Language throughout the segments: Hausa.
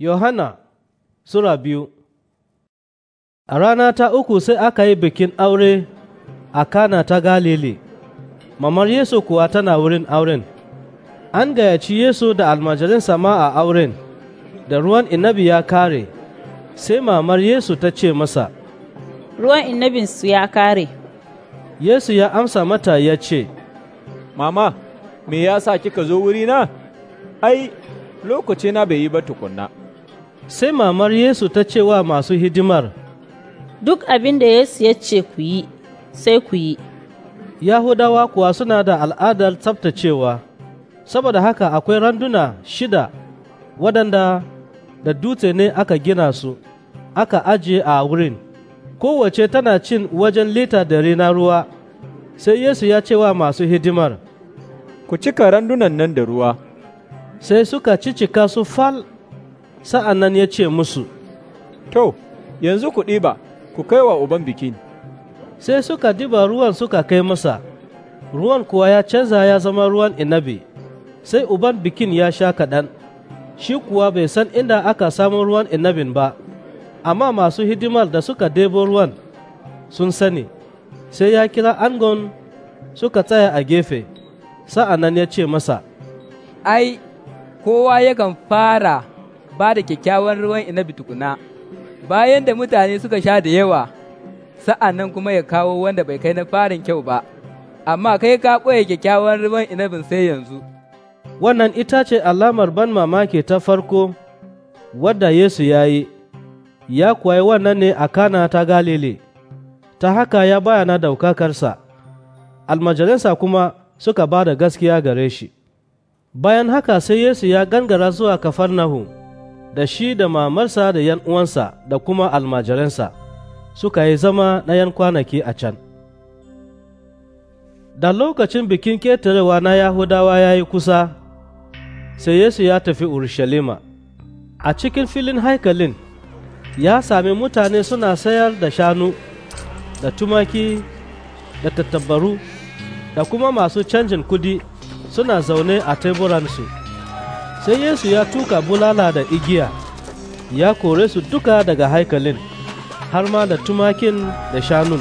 Yohana Sura biyu A rana ta uku sai aka yi bikin aure a Kana ta Galili, mamar Yesu kuwa tana wurin auren. An gayaci Yesu da almajirin sama a auren, da ruwan inabi ya kare, sai mamar Yesu ta ce masa, Ruwan inabinsu ya kare. Yesu ya amsa mata ya ce, Mama, me ya sa kika zo wurina? Ai, lokacina bai yi ba tukunna. sai mamar Yesu ta ce wa masu hidimar, Duk abin da Yesu ya ce ku yi, sai ku yi. Yahudawa kuwa suna da al'adar tsaftacewa, saboda haka akwai randuna shida waɗanda da dutse ne aka gina su, aka ajiye a wurin, kowace tana cin wajen lita da na ruwa, sai Yesu ya ce wa masu hidimar, Ku cika randunan nan da ruwa. Sai suka cicika su fal. sa'an nan ya ce musu, To, yanzu ku ɗiba, ku kai wa uban bikin. Sai suka diba ruwan suka kai masa, ruwan kuwa ya canza ya zama ruwan inabi, sai uban bikin ya sha kaɗan, shi kuwa bai san inda aka samu ruwan inabin ba, amma masu hidimar da suka debo ruwan sun sani, sai ya kira angon suka tsaya a gefe, sa'an nan ya ce masa, Ai, kowa yakan fara ba da kyakkyawan ruwan inabi tukuna, bayan da mutane suka sha da yawa, sa'an nan kuma ya kawo wanda bai kai na farin kyau ba, amma kai ka ɓoye kyakkyawan ruwan inabin sai yanzu. Wannan ita ce alamar ban mamaki ta farko wadda Yesu ya yi, ya kuwa wannan ne a kana ta Galile, ta haka ya bayana daukakarsa, almajalinsa kuma suka ba da gaskiya gare shi. Bayan haka sai Yesu ya gangara zuwa nahu. da shi da mamarsa da yan uwansa da kuma almajiransa suka yi zama na yan kwanaki a can. Da lokacin bikin ketarewa na Yahudawa ya yi kusa, sai Yesu ya tafi Urushalima. A cikin filin haikalin, ya sami mutane suna sayar da shanu, da tumaki, da tattabaru, da kuma masu canjin kudi suna zaune a teburansu. sai Yesu ya tuka bulala da igiya ya kore su duka daga haikalin har ma da tumakin da shanun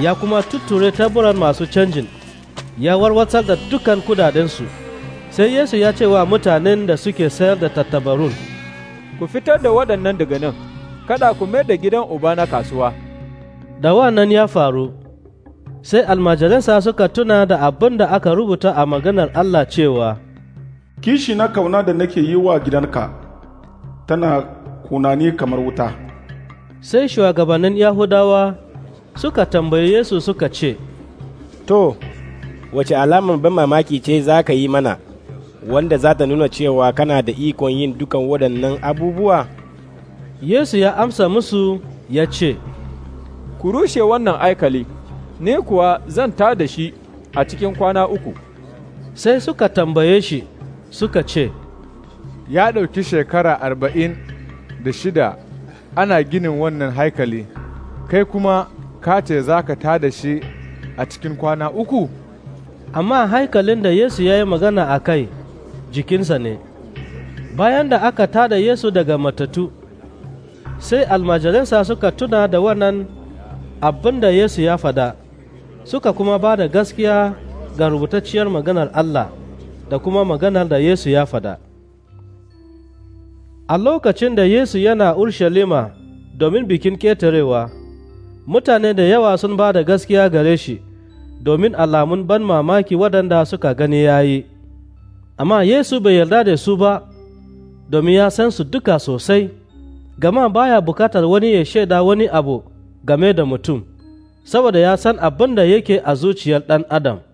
ya kuma tutture taburan masu canjin ya warwatar da dukan kudadensu sai Yesu ya ce wa mutanen da suke sayar da tattabarun ku fitar da waɗannan daga nan kada ku mai da gidan uba na kasuwa da wannan ya faru sai almajiransa suka tuna da abin da aka rubuta a maganar Allah cewa kishi na kauna da nake yi wa gidanka tana kunani kamar wuta sai shugabannin yahudawa suka tambaye yesu suka ce to wace alamar ban mamaki ce za ka yi mana wanda za ta nuna cewa kana da ikon yin dukan waɗannan abubuwa yesu ya amsa musu ya ce ku rushe wannan aikali ne kuwa zan ta da shi a cikin kwana uku sai suka tambaye shi suka ce, Ya ɗauki shekara arba'in da shida ana ginin wannan haikali, kai kuma ka ce za ka tada shi a cikin kwana uku? Amma haikalin da Yesu ya yi magana a kai jikinsa ne, bayan da aka tada Yesu daga matatu, sai almajirinsa suka tuna da wannan abin da Yesu ya fada, suka kuma ba da gaskiya ga rubutacciyar maganar Allah. da kuma maganar da Yesu ya fada. A lokacin da Yesu yana Urshalima domin bikin ƙetarewa, mutane da yawa sun ba da gaskiya gare shi domin alamun ban mamaki waɗanda suka gani ya yi, amma Yesu bai yarda da su ba domin ya san su duka sosai, gama baya bukatar wani ya shaida wani abu game da mutum, saboda ya san abin da yake a zuciyar ɗan Adam.